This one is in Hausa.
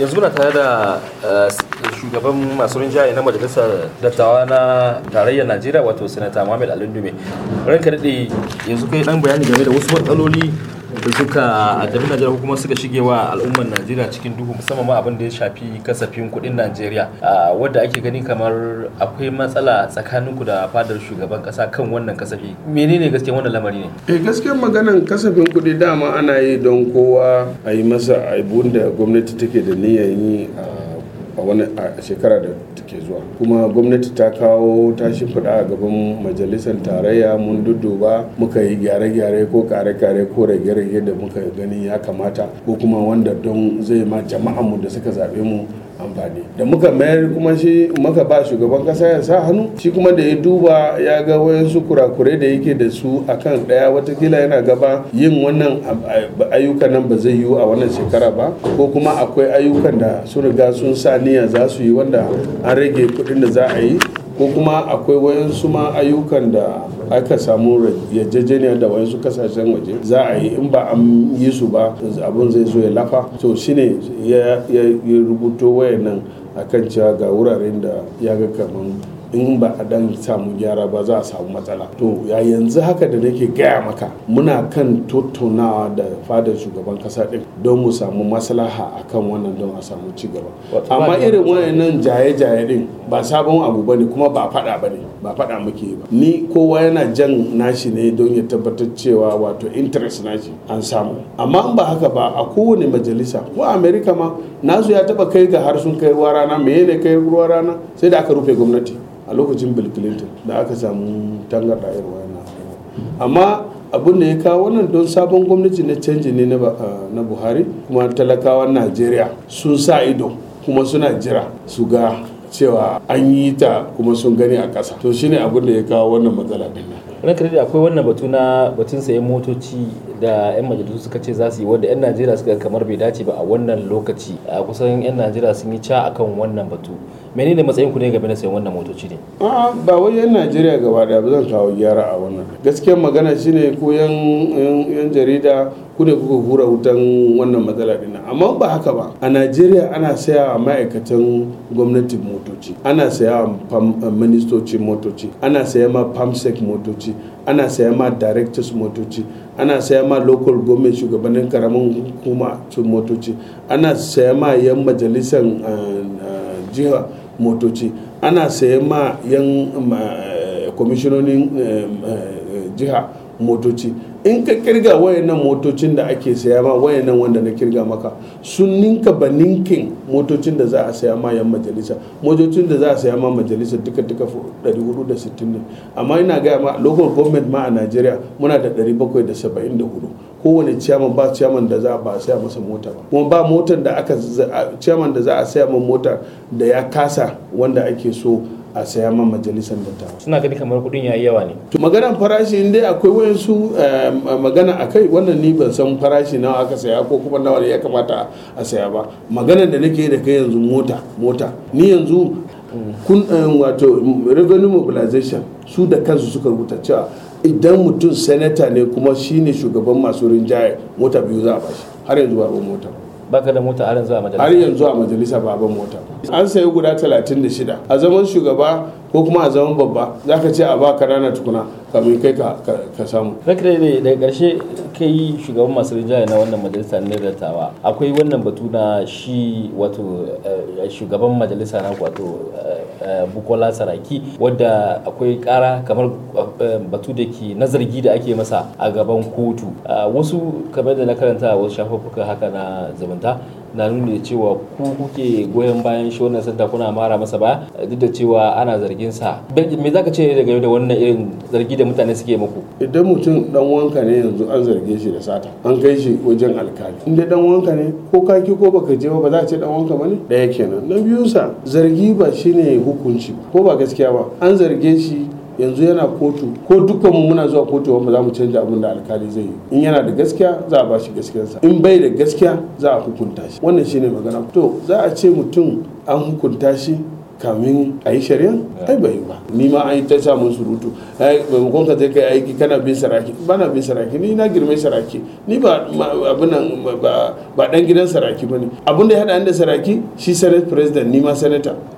yanzu muna tare da eh, shugaban masu rinjaye na majalisar dattawa na tarayyar najeriya wato sanata muhammad alindume ranka daɗe yanzu kai ɗan bayani game da wasu matsaloli suka addabi najeriya kuma suka shige wa al'ummar najeriya cikin duhu musamman ma abin da ya shafi kasafin kuɗin najeriya wadda ake gani kamar akwai matsala tsakaninku da fadar shugaban kasa kan wannan kasafi menene gaskiyan wannan lamari ne eh gaskiyar maganan kasafin kuɗi dama ana yi don kowa a yi masa abun da gwamnati take da niyyar yi a a wani a shekara da ke zuwa kuma gwamnati ta kawo ta shimfiɗa a gaban majalisar tarayya mun dudduba muka yi gyare-gyare ko kare-kare ko rage-rage da muka gani ya kamata ko kuma wanda don zai ma mu da suka zaɓe mu amfani da muka mayar kuma shi muka ba shugaban kasa ya sa hannu shi kuma da ya duba ya ga wayansu kurakurai da yake da su akan daya watakila yana gaba yin wannan ayyuka nan ba zai yiwu a wannan shekara ba ko kuma akwai ayyukan da sun riga sun sa niyya za su yi wanda an rage kuɗin da za a yi ko kuma akwai wayansu ma ayyukan da aka samu yarjejeniya da wayansu kasashen waje za a yi in ba an yi su ba abin zai zo ya lafa to shine ya rubuto a kan cewa ga wuraren da ya ga kamar in ba a dan samu gyara ba za a samu matsala to ya yanzu haka da nake gaya maka muna kan tattaunawa da fadar shugaban kasa din don mu samu maslaha a kan wannan don a samu ci gaba amma irin wayannan jaye-jaye din ba sabon abu bane kuma ba fada bane ba fada muke ba ni kowa yana jan nashi ne don ya tabbatar cewa wato interest nashi an samu amma in ba haka ba a kowane majalisa ko america ma nasu ya taba kai ga harsun sun kai ruwa rana me ne kai ruwa rana sai da aka rufe gwamnati a lokacin bill clinton da aka samu da irin wannan amma abin da ya kawo wannan don sabon gwamnati na canji ne na buhari kuma talakawan najeriya sun sa ido kuma suna jira su ga cewa an yi ta kuma sun gani a ƙasa to shine abin da ya kawo wannan matsala din nan kare da akwai wannan batu na batun sayan motoci da yan majalisu suka ce za su yi wanda yan najeriya suka kamar bai dace ba a wannan lokaci a kusan yan najeriya sun yi ca akan wannan batu menene matsayin ku ne game da sayan wannan motoci ne a'a ba wai yan Najeriya gaba daya ba zan kawo gyara a wannan gaskiyar magana shine ko yan yan jarida ku ne kuka hura wutan wannan matsala din amma ba haka ba a Najeriya ana saya wa ma'aikatan gwamnati motoci ana saya wa ministoci motoci ana saya ma pamsec motoci ana saya ma directors motoci ana saya ma local government shugabannin karamin hukuma su motoci ana saya ma yan majalisar eh, eh, jiha motoci ana sayan ma yan eh, kwamishinonin eh, eh, jiha motoci in ka kirga wayannan motocin da ake saya ma wayannan wanda na kirga maka sun ninka ba ninkin motocin da za a saya ma yan majalisa motocin da za a saya ma majalisa duka duka 460 ne amma ina gaya ma local government ma a Najeriya muna da 774 kowane ciyaman ba ciyaman da za a ba saya masa mota ba kuma ba motar da aka ciyaman da za a saya ma mota da ya kasa wanda ake so a saya man majalisar dattawa suna gani kamar kudin yayi yawa ne maganan farashi in dai akwai su eh, magana akai wannan ni ban san farashi nawa aka saya ko kuma nawa ya kamata a saya ba maganar da nake da kai yanzu mota mota ni yanzu kun eh, wato revenue mobilization su da kansu suka rubuta cewa idan mutum senator ne kuma shine shugaban masu rinjaye mota biyu za a bashi har yanzu ba ban mota baka da mota har yanzu a majalisa har yanzu a majalisa ba ban mota an sayi guda 36 a zaman shugaba ko kuma a zaman babba za ka ce a ba ka rana tukuna kamin kai ka samu fakire ne daga karshe yi shugaban masu rinjaye na wannan majalisa na dattawa akwai wannan batu na shi wato eh, shugaban majalisa na wato eh, bukola saraki wadda akwai kara kamar eh, batu da ke na zargi da ake masa a gaban kotu ah, wasu kamar da na karanta wasu shafuffuka haka na zamanta. na nuni da cewa ku kuke goyon bayan shi wannan santa kuna mara masa ba duk da cewa ana zargin sa me zaka ce daga da wannan irin zargi da mutane suke muku idan mutum dan wanka ne yanzu an zarge shi da sata an kai shi wajen alkali in dan wanka ne ko kaki ko baka je ba za a ce dan wanka bane daya kenan na biyu sa zargi ba shine hukunci ko ba gaskiya ba an zarge shi yanzu yana kotu ko dukkan mu muna zuwa kotu wanda za mu canja abin da alkali zai yi in yana da gaskiya za a bashi gaskiyarsa in bai da gaskiya za a hukunta shi wannan shine magana to za a ce mutum an hukunta shi kamin a yi shari'a ai bai ba ni ma an yi ta samun surutu ai maimakon ka kai aiki kana bin saraki bana bin saraki ni na girmai saraki ni ba abunan ba dan gidan saraki bane abun da ya hada da saraki shi senate president ni ma senator